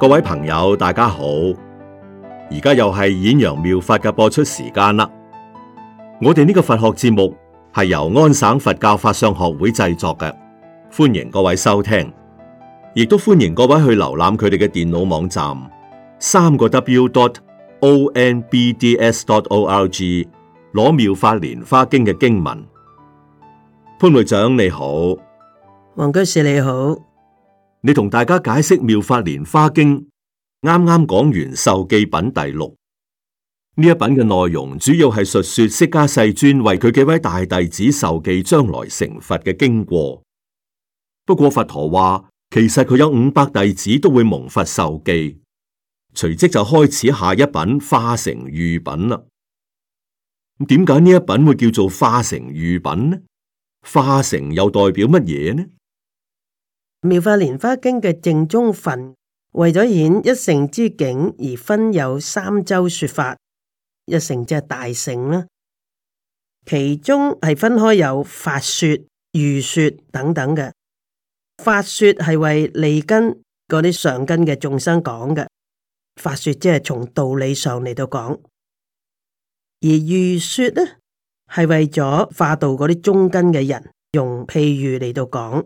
各位朋友，大家好！而家又係演揚妙法嘅播出時間啦。我哋呢個佛學節目係由安省佛教法相學會製作嘅，歡迎各位收聽，亦都歡迎各位去瀏覽佢哋嘅電腦網站三個 w dot o n b d s dot o l g，攞妙法蓮花經嘅經文。潘會長你好，黃居士你好。你同大家解釋《妙法蓮華經》，啱啱講完授記品第六呢一品嘅內容，主要係述說釋迦世尊為佢幾位大弟子授記將來成佛嘅經過。不過佛陀話，其實佢有五百弟子都會蒙佛授記，隨即就開始下一品化城喻品啦。咁點解呢一品會叫做化城喻品呢？化城又代表乜嘢呢？妙法蓮花經嘅正宗分，為咗演一乘之境而分有三周說法，一乘即係大乘啦。其中係分開有法說、喻說等等嘅。法說係為利根嗰啲上根嘅眾生講嘅，法說即係從道理上嚟到講；而喻說呢係為咗化導嗰啲中根嘅人，用譬喻嚟到講。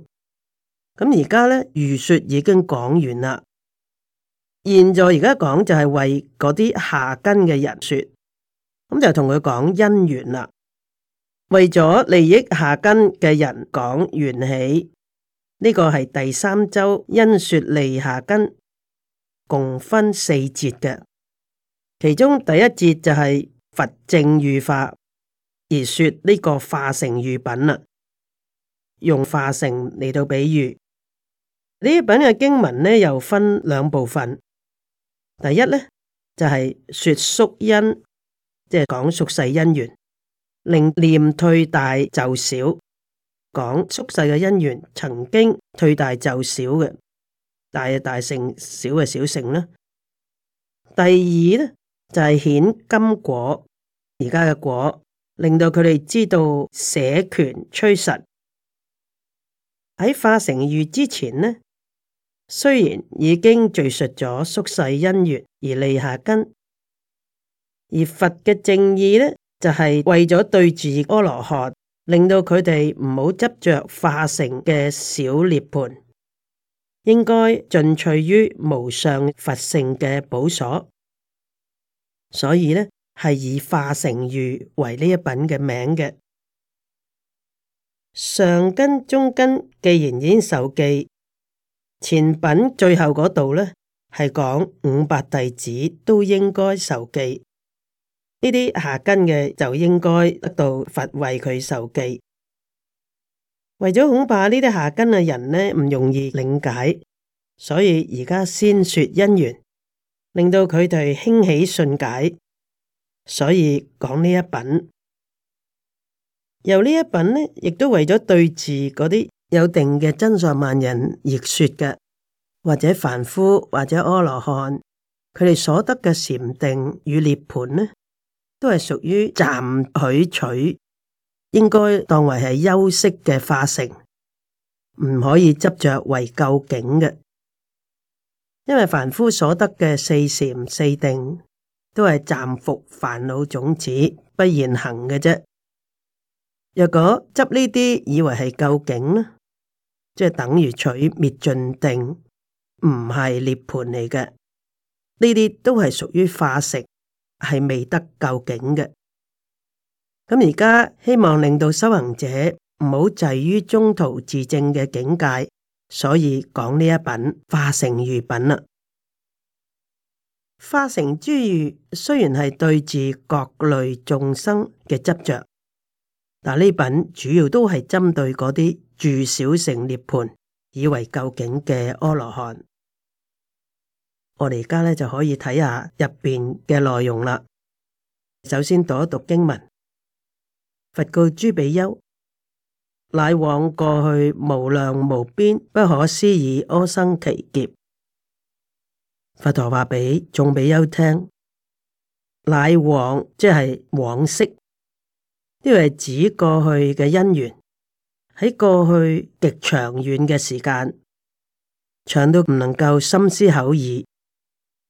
咁而家咧喻說已經講完啦，現在而家講就係為嗰啲下根嘅人說，咁就同佢講因緣啦。為咗利益下根嘅人講緣起，呢個係第三周因說利下根，共分四節嘅，其中第一節就係佛正喻法」，而說呢個化城喻品啦，用化城嚟到比喻。呢一品嘅經文咧，又分兩部分。第一咧就係、是、說宿因，即係講宿世因緣，令念退大就小；講宿世嘅因緣曾經退大就小嘅，大嘅大勝，小嘅小勝啦。第二咧就係顯今果，而家嘅果，令到佢哋知道捨權趨實，喺化城喻之前呢。雖然已經敘述咗宿世因緣而利下根，而佛嘅正義呢，就係、是、為咗對治阿羅漢，令到佢哋唔好執着化城嘅小涅槃，應該盡趣於無上佛性嘅寶所。所以呢，係以化城喻為呢一品嘅名嘅上根中根，既然應受記。前品最後嗰度咧，係講五百弟子都應該受記，呢啲下根嘅就應該得到佛為佢受記。為咗恐怕呢啲下根嘅人咧，唔容易領解，所以而家先說因緣，令到佢哋興起信解，所以講呢一品。由呢一品咧，亦都為咗對治嗰啲。有定嘅真上萬人亦說嘅，或者凡夫或者阿羅漢，佢哋所得嘅禪定與涅槃呢，都係屬於暫許取，應該當為係休息嘅化城，唔可以執着為究竟嘅。因為凡夫所得嘅四禪四定，都係暫伏煩惱種子，不現行嘅啫。若果執呢啲以為係究竟呢？即係等於取滅盡定，唔係涅槃嚟嘅。呢啲都係屬於化城，係未得究竟嘅。咁而家希望令到修行者唔好滯於中途自證嘅境界，所以講呢一品化城喻品啦。化城之喻雖然係對治各類眾生嘅執着，但呢品主要都係針對嗰啲住小城涅盤，以為究竟嘅阿羅漢，我哋而家咧就可以睇下入邊嘅內容啦。首先讀一讀經文，佛告諸比丘，乃往過去無量無邊不可思議阿僧祇劫。佛陀話俾眾比丘聽，乃往即係往昔，呢個係指過去嘅因緣。喺過去極長遠嘅時間，長到唔能夠深思口耳，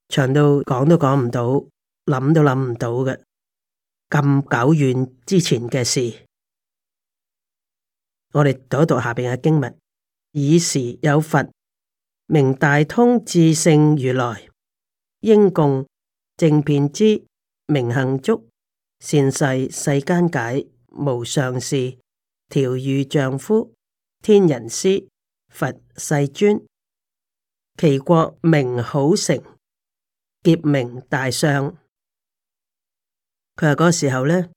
長到講都講唔到，諗都諗唔到嘅咁久遠之前嘅事。我哋讀一讀下邊嘅經文：以時有佛明大通智勝如來應供正遍知明行足善逝世間解無上士。調御丈夫，天人師，佛世尊，其國名好成，劫名大相。佢話嗰個時候呢，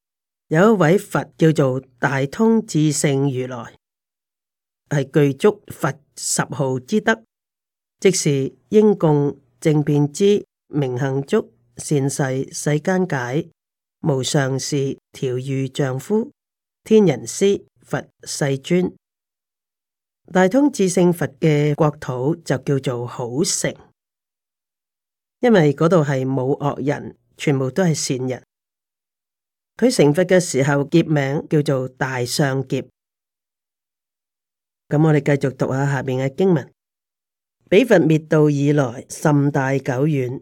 有一位佛叫做大通智勝如來，係具足佛十號之德，即是應供正遍知明行足善逝世間解無上士調御丈夫天人師。佛世尊，大通智勝佛嘅國土就叫做好成，因為嗰度係冇惡人，全部都係善人。佢成佛嘅時候，劫名叫做大相劫。咁我哋繼續讀下下面嘅經文：彼佛滅度以來甚大久遠，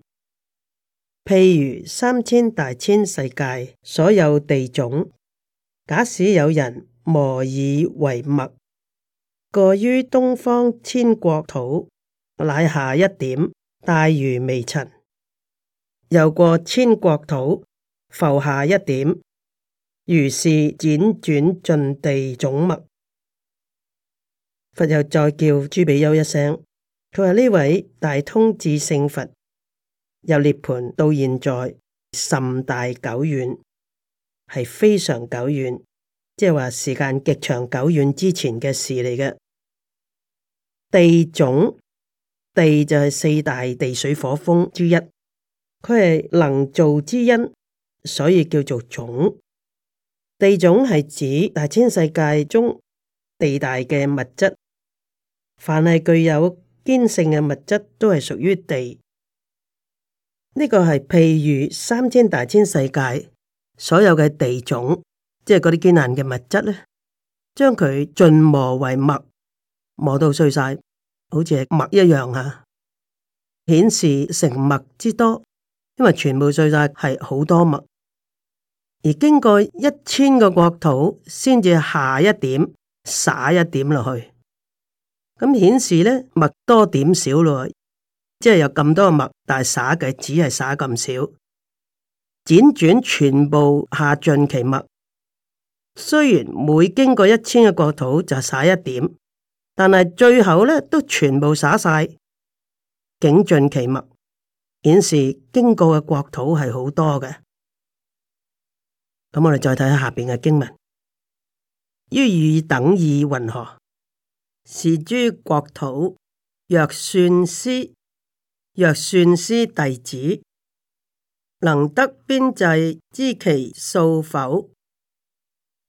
譬如三千大千世界所有地種，假使有人。磨以為墨，過於東方千國土，乃下一點，大如微塵；又過千國土，浮下一點，如是輾轉盡地種墨。佛又再叫諸比丘一聲，佢話呢位大通智勝佛，由涅槃到現在甚大久遠，係非常久遠。即係話時間極長久遠之前嘅事嚟嘅。地種，地就係四大地水火風之一，佢係能造之因，所以叫做種。地種係指大千世界中地大嘅物質，凡係具有堅性嘅物質都係屬於地。呢個係譬如三千大千世界所有嘅地種。即係嗰啲堅硬嘅物質咧，將佢盡磨為墨，磨到碎晒，好似係墨一樣啊！顯示成墨之多，因為全部碎晒係好多墨。而經過一千個國土，先至下一點灑一點落去，咁顯示咧墨多點少咯，即係有咁多墨，但係灑嘅只係灑咁少。輾轉全部下盡其墨。雖然每經過一千嘅國土就灑一點，但係最後咧都全部灑晒，景盡其墨，顯示經過嘅國土係好多嘅。咁我哋再睇下下邊嘅經文：於與等意云何，是諸國土若算師若算師弟子，能得邊際知其數否？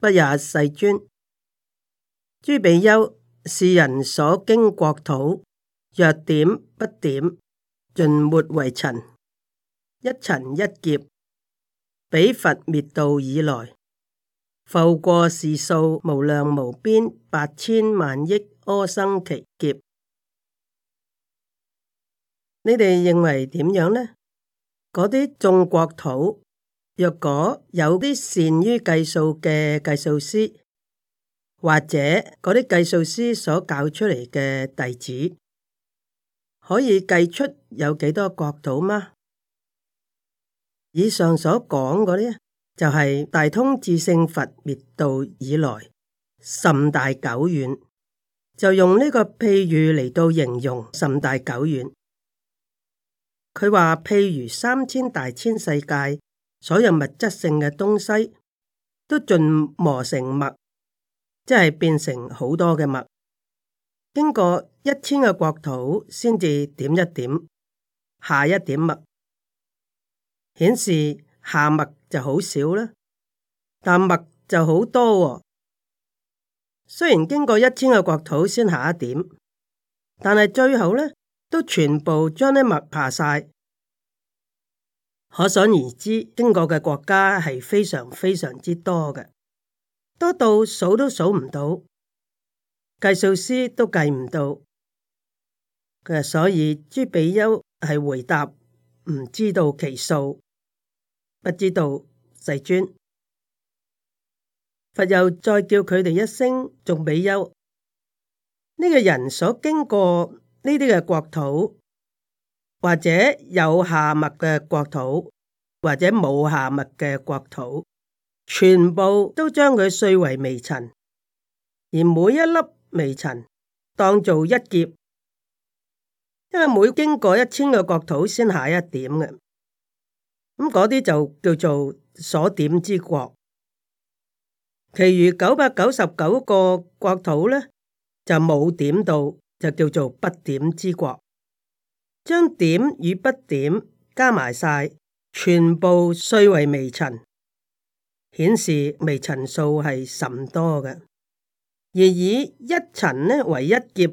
不也，世尊。諸比丘，是人所經國土，若點不點，盡沒為塵，一塵一劫，彼佛滅度以來，浮過事數無量無邊八千萬億阿僧祇劫，你哋認為點樣呢？嗰啲眾國土。若果有啲善於計數嘅計數師，或者嗰啲計數師所教出嚟嘅弟子，可以計出有幾多國土嗎？以上所講嗰啲，就係、是、大通智勝佛滅度以來甚大久遠，就用呢個譬喻嚟到形容甚大久遠。佢話譬如三千大千世界。所有物質性嘅東西都盡磨成墨，即係變成好多嘅墨。經過一千個國土先至點一點下一點墨，顯示下墨就好少啦。但墨就好多喎。雖然經過一千個國土先下一點，但係最後咧都全部將啲墨爬晒。可想而知，經過嘅國家係非常非常之多嘅，多到數都數唔到，計數師都計唔到嘅。所以諸比丘係回答唔知道其數，不知道世尊。佛又再叫佢哋一聲，眾比丘，呢、呢個人所經過呢啲嘅國土。或者有下墨嘅國土，或者冇下墨嘅國土，全部都將佢碎為微塵，而每一粒微塵當做一劫，因為每經過一千個國土先下一點嘅，咁嗰啲就叫做所點之國，其餘九百九十九個國土咧就冇點到，就叫做不點之國。將點與不點加埋晒，全部碎為微塵，顯示微塵數係甚多嘅。而以一塵咧為一劫，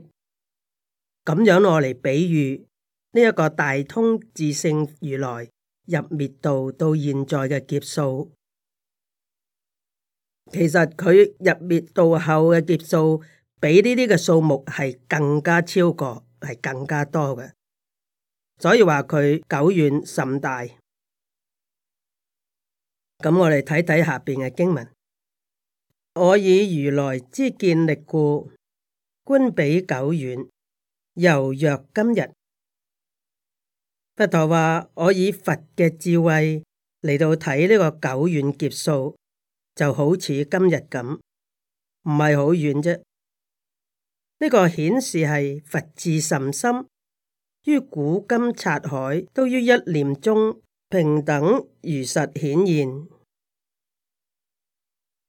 咁樣攞嚟比喻呢一個大通智勝如來入滅度到現在嘅劫數，其實佢入滅度後嘅劫數，比呢啲嘅數目係更加超過，係更加多嘅。所以話佢久遠甚大，咁我哋睇睇下邊嘅經文。我以如來之見力故，觀彼久遠，猶若今日。佛陀話：我以佛嘅智慧嚟到睇呢個久遠劫數，就好似今日咁，唔係好遠啫。呢、呢個顯示係佛智甚深。於古今察海，都於一念中平等如實顯現。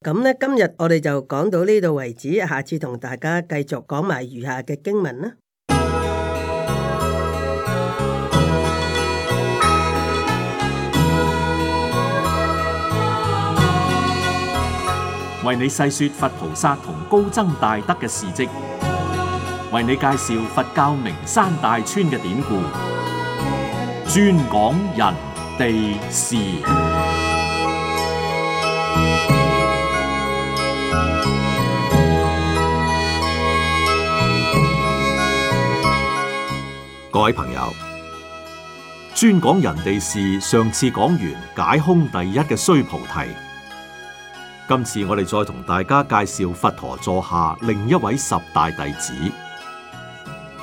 咁呢，今日我哋就講到呢度為止，下次同大家繼續講埋餘下嘅經文啦。為你細說佛菩薩同高僧大德嘅事跡。為你介紹佛教名山大川嘅典故，專講人地事。各位朋友，專講人地事。上次講完解空第一嘅須菩提，今次我哋再同大家介紹佛陀座下另一位十大弟子。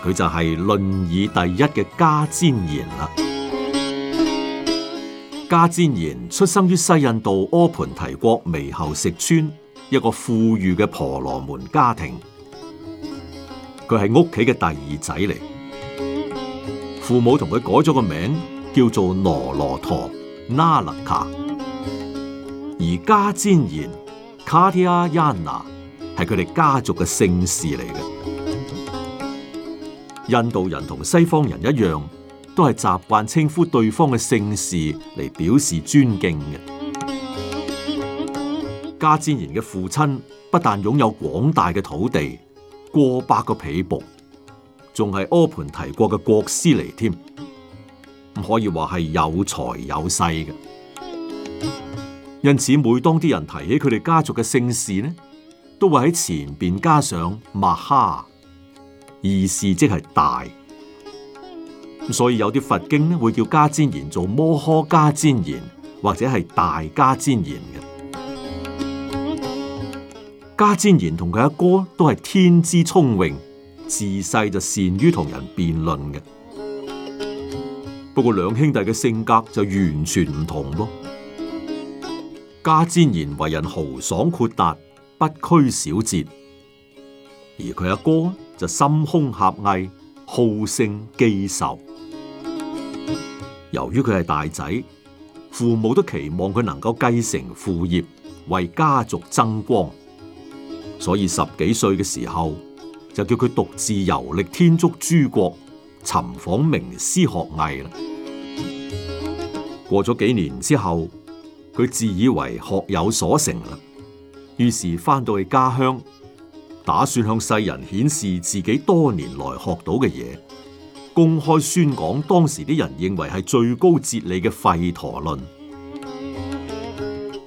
佢就係論語第一嘅迦旃延啦。迦旃延出身於西印度阿盆提國微侯石村一個富裕嘅婆羅門家庭，佢係屋企嘅第二仔嚟。父母同佢改咗個名叫做羅羅陀納勒卡，而迦旃延卡提 a n a 係佢哋家族嘅姓氏嚟嘅。印度人同西方人一樣，都係習慣稱呼對方嘅姓氏嚟表示尊敬嘅。迦旃延嘅父親不但擁有廣大嘅土地，過百個婢僕，仲係阿盤提國嘅國師嚟添，唔可以話係有財有勢嘅。因此，每當啲人提起佢哋家族嘅姓氏咧，都會喺前邊加上馬哈。意思即係大，所以有啲佛經呢，會叫迦旃延做摩訶迦旃延，或者係大迦旃延嘅。迦旃延同佢阿哥都係天資聰穎，自細就善於同人辯論嘅。不過兩兄弟嘅性格就完全唔同咯。迦旃延為人豪爽豁達，不拘小節，而佢阿哥。就心胸狹隘，好勝記仇。由於佢係大仔，父母都期望佢能夠繼承父業，為家族增光。所以十幾歲嘅時候，就叫佢獨自遊歷天竺諸國，尋訪名師學藝啦。過咗幾年之後，佢自以為學有所成啦，於是翻到去家鄉。打算向世人顯示自己多年來學到嘅嘢，公開宣講當時啲人認為係最高哲理嘅吠陀論。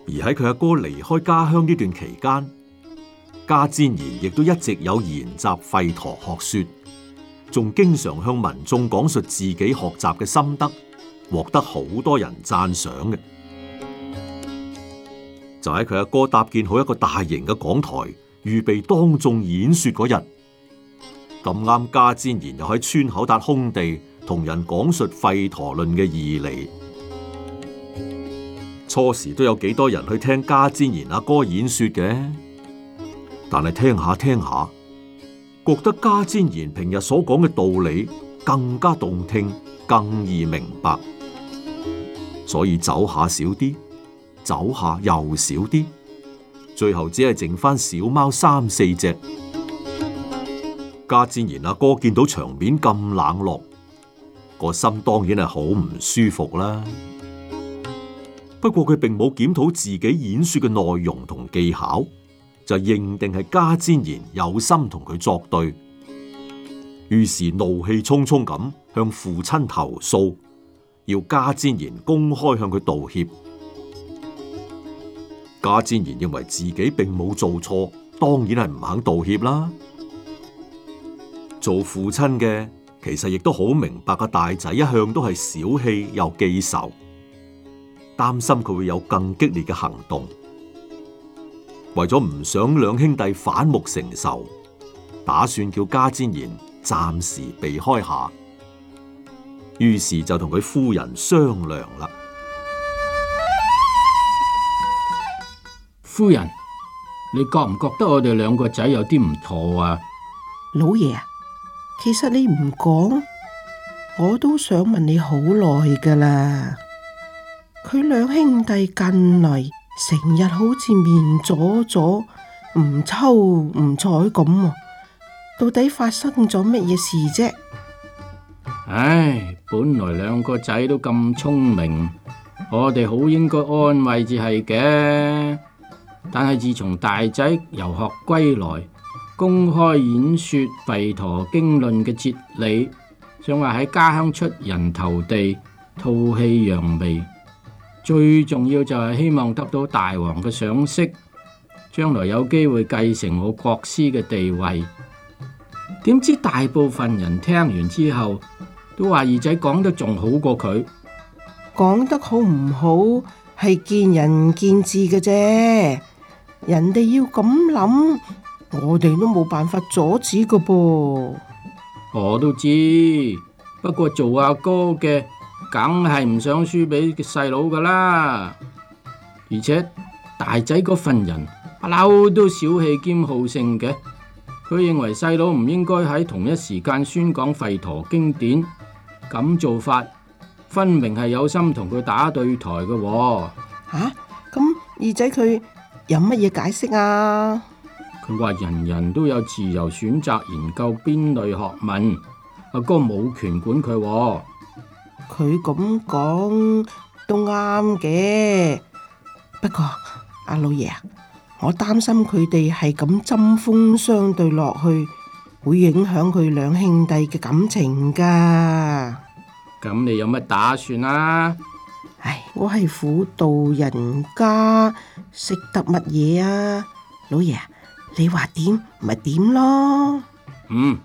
而喺佢阿哥離開家鄉呢段期間，迦旃延亦都一直有研習吠陀學說，仲經常向民眾講述自己學習嘅心得，獲得好多人讚賞嘅。就喺佢阿哥搭建好一個大型嘅講台。預備當眾演說嗰日咁啱，迦旃延又喺村口笪空地同人講述吠陀論嘅義理。初時都有幾多人去聽迦旃延阿哥演說嘅，但係聽下聽下，覺得迦旃延平日所講嘅道理更加動聽，更易明白，所以走下少啲，走下又少啲。最後只係剩翻小貓三四隻。迦旃延阿哥見到場面咁冷落，個心當然係好唔舒服啦。不過佢並冇檢討自己演說嘅內容同技巧，就認定係迦旃延有心同佢作對，於是怒氣沖沖咁向父親投訴，要迦旃延公開向佢道歉。迦旃延認為自己並冇做錯，當然係唔肯道歉啦。做父親嘅其實亦都好明白個大仔一向都係小氣又記仇，擔心佢會有更激烈嘅行動。為咗唔想兩兄弟反目成仇，打算叫迦旃延暫時避開下，於是就同佢夫人商量啦。夫人，你覺唔覺得我哋兩個仔有啲唔妥啊？老爺，其實你唔講，我都想問你好耐噶啦。佢兩兄弟近嚟成日好似面阻阻、唔抽唔睬咁，到底發生咗乜嘢事啫？唉，本來兩個仔都咁聰明，我哋好應該安慰至係嘅。但係自從大仔遊學歸來，公開演說《吠陀經論》嘅哲理，想話喺家鄉出人頭地，吐氣揚眉。最重要就係希望得到大王嘅賞識，將來有機會繼承我國師嘅地位。點知大部分人聽完之後，都話二仔講得仲好過佢。講得好唔好係見仁見智嘅啫。人哋要咁諗，我哋都冇辦法阻止噶噃。我都知，不過做阿哥嘅，梗係唔想輸俾細佬噶啦。而且大仔嗰份人不嬲都小氣兼好勝嘅，佢認為細佬唔應該喺同一時間宣講吠陀經典，咁做法分明係有心同佢打對台噶。吓、啊，咁、嗯、二仔佢。有乜嘢解釋啊？佢話人人都有自由選擇研究邊類學問，阿哥冇權管佢喎。佢咁講都啱嘅，不過阿老爺，我擔心佢哋係咁針鋒相對落去，會影響佢兩兄弟嘅感情噶。咁你有乜打算啊？唉，我係輔導人家。識得乜嘢啊，老爺，你話點咪點咯。嗯，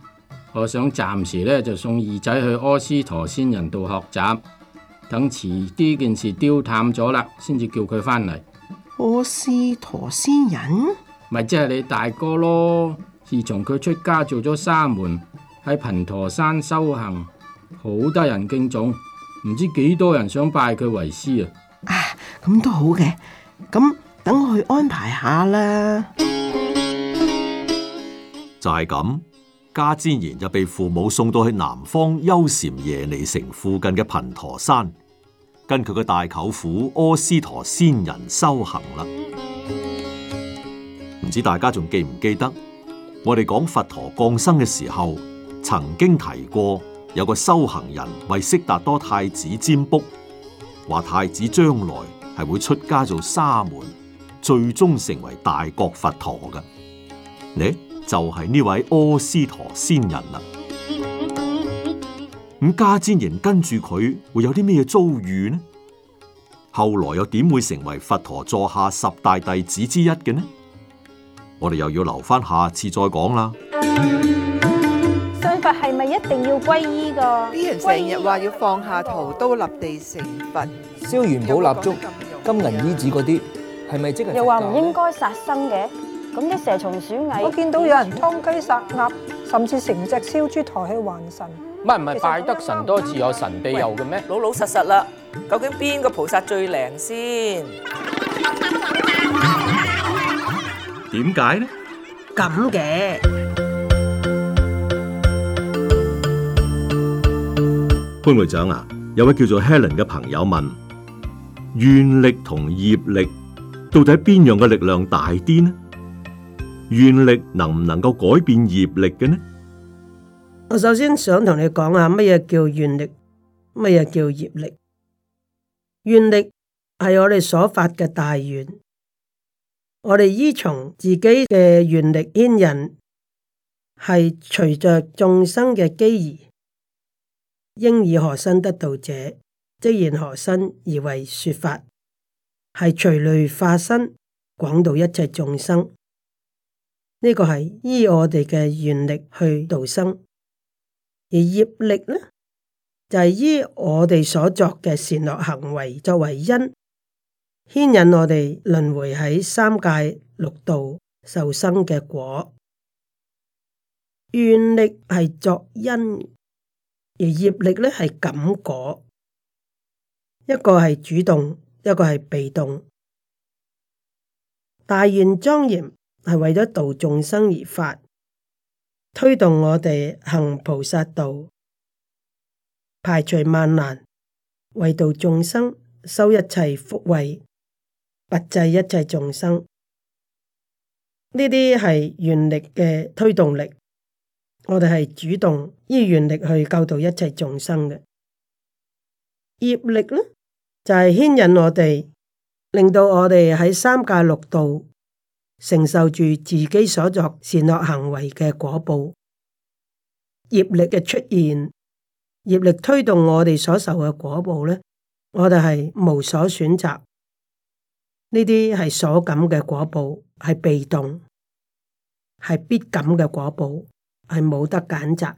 我想暫時呢，就送二仔去柯斯陀仙人度學習，等遲啲件事丟淡咗啦，先至叫佢翻嚟。柯斯陀仙人，咪即係你大哥咯。自從佢出家做咗沙門，喺貧陀山修行，好得人敬重，唔知幾多人想拜佢為師啊。啊，咁都好嘅，咁。等我去安排下啦，就係咁。迦旃延就被父母送到去南方優禪耶尼城附近嘅頻陀山，跟佢嘅大舅父阿斯陀仙人修行啦。唔知大家仲記唔記得我哋講佛陀降生嘅時候，曾經提過有個修行人為悉達多太子占卜，話太子將來係會出家做沙門。最終成為大國佛陀嘅，呢就係呢位阿斯陀仙人啦。咁迦旃延跟住佢會有啲咩遭遇呢？後來又點會成為佛陀座下十大弟子之一嘅呢？我哋又要留翻下，下次再講啦。信佛係咪一定要皈依噶？啲人成日話要放下屠刀立地成佛，燒元寶蠟燭、金銀衣紙嗰啲。又話唔應該殺生嘅？咁啲蛇蟲鼠蟻，我見到有人劏雞殺鴨，甚至成隻燒豬抬去還神。唔係唔係，拜得神多自有神庇佑嘅咩？老老實實啦，究竟邊個菩薩最靈先？點解呢？咁嘅，潘會長啊，有位叫做 Helen 嘅朋友問願力同業力。到底邊樣嘅力量大啲呢？願力能唔能夠改變業力嘅呢？我首先想同你講下乜嘢叫願力，乜嘢叫業力。願力係我哋所發嘅大願，我哋依從自己嘅願力牽引，係隨着眾生嘅機宜，應以何身得道者，即現何身而為說法。係隨類化身，廣度一切眾生。呢個係依我哋嘅願力去度生，而業力呢，就係、是、依我哋所作嘅善惡行為作為因，牽引我哋輪回喺三界六道受生嘅果。願力係作因，而業力咧係感果，一個係主動。一個係被動，大願莊嚴係為咗度眾生而發，推動我哋行菩薩道，排除萬難，為度眾生，收一切福慧，拔濟一切眾生。呢啲係願力嘅推動力，我哋係主動依願力去救導一切眾生嘅業力啦。就係牽引我哋，令到我哋喺三界六道承受住自己所作善惡行為嘅果報，業力嘅出現，業力推動我哋所受嘅果報咧，我哋係無所選擇，呢啲係所感嘅果報，係被動，係必感嘅果報，係冇得揀擇。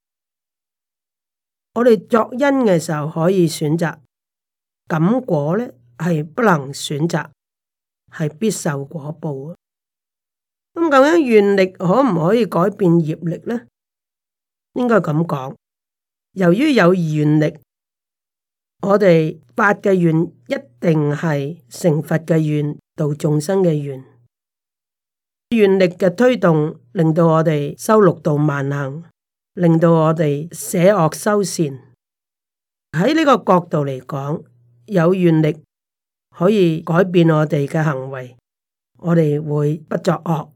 我哋作因嘅時候可以選擇。果咧係不能選擇，係必受果報嘅。咁究竟願力可唔可以改變業力呢？應該咁講，由於有願力，我哋發嘅願一定係成佛嘅願，度眾生嘅願。願力嘅推動，令到我哋修六度萬行，令到我哋捨惡修善。喺呢個角度嚟講。有願力可以改變我哋嘅行為，我哋會不作惡，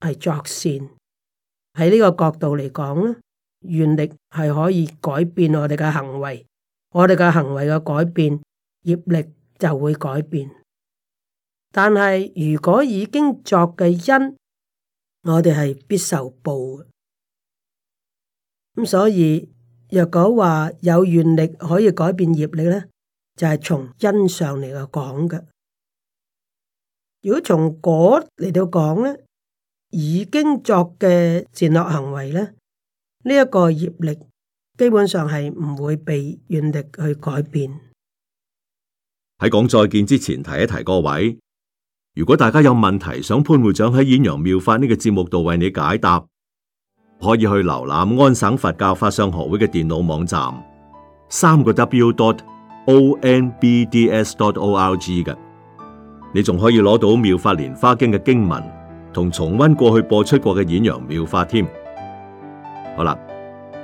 係作善。喺呢個角度嚟講呢，願力係可以改變我哋嘅行為，我哋嘅行為嘅改變，業力就會改變。但係如果已經作嘅因，我哋係必受報嘅。咁所以，若果話有願力可以改變業力呢？就係從因上嚟講嘅，如果從果嚟到講咧，已經作嘅善惡行為咧，呢一個業力基本上係唔會被願力去改變。喺講再見之前，提一提各位，如果大家有問題想潘會長喺《演揚妙法》呢個節目度為你解答，可以去瀏覽安省佛教法相學會嘅電腦網站，三個 W dot。ONBDS.ORG 嘅，你仲可以攞到《妙法蓮花經》嘅經文同重温過去播出過嘅《演揚妙法》添。好啦，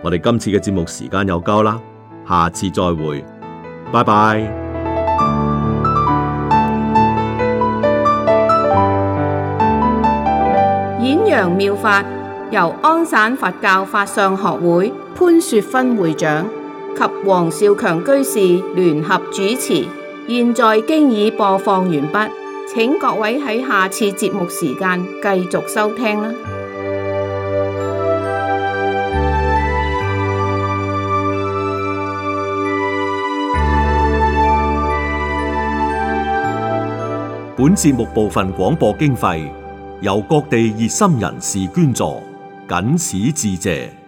我哋今次嘅節目時間又夠啦，下次再會，拜拜。《演揚妙法》由安省佛教法相學會潘雪芬會長。及王少強居士聯合主持，現在經已播放完畢，請各位喺下次節目時間繼續收聽啦。本節目部分廣播經費由各地熱心人士捐助，謹此致謝。